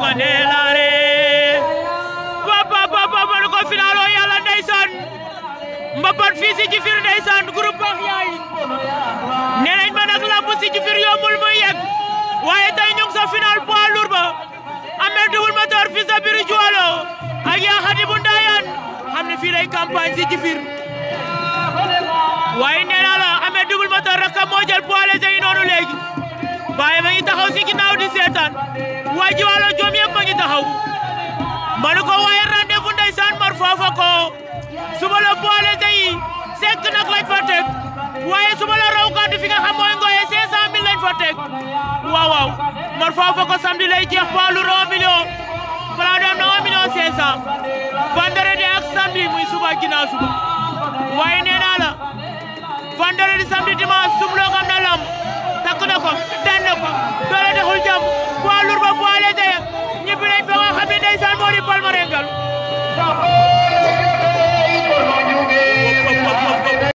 Mandelaare papa papa ba ko finalo yàlla ndeysaan mbapat Jifir ndeysaan groupe baax yaay nee nañ ma si Jifir yombul ya muy yegg waaye tey ñu final poids lourd ba amee Double Moteur fii sa biir Juwalo ak yaa xadi bu ndaayaan xam lay campagne Jifir waaye nee naa la amee Double Moteur rek moo jël poids léger yi ma ngi taxaw di seetaan lakk nag lañ fa teg waaye su ma la raw gàddu fi nga xam mooy ngooye 500000 lañ fa teg waaw waaw Mor Faafa ko samedi lay jeex ba lu raw million balaa dem na 1 million 500 vendredi ak samedi muy suba ginnaaw suba waaye nee naa la vendredi samedi dimanche sum loo xam ne lamb takk na ko daan na ko doole dexul jàmm poids lourd ba poids léger ñibbi nañ fa nga xam ne ndeysaan moo di palmarengal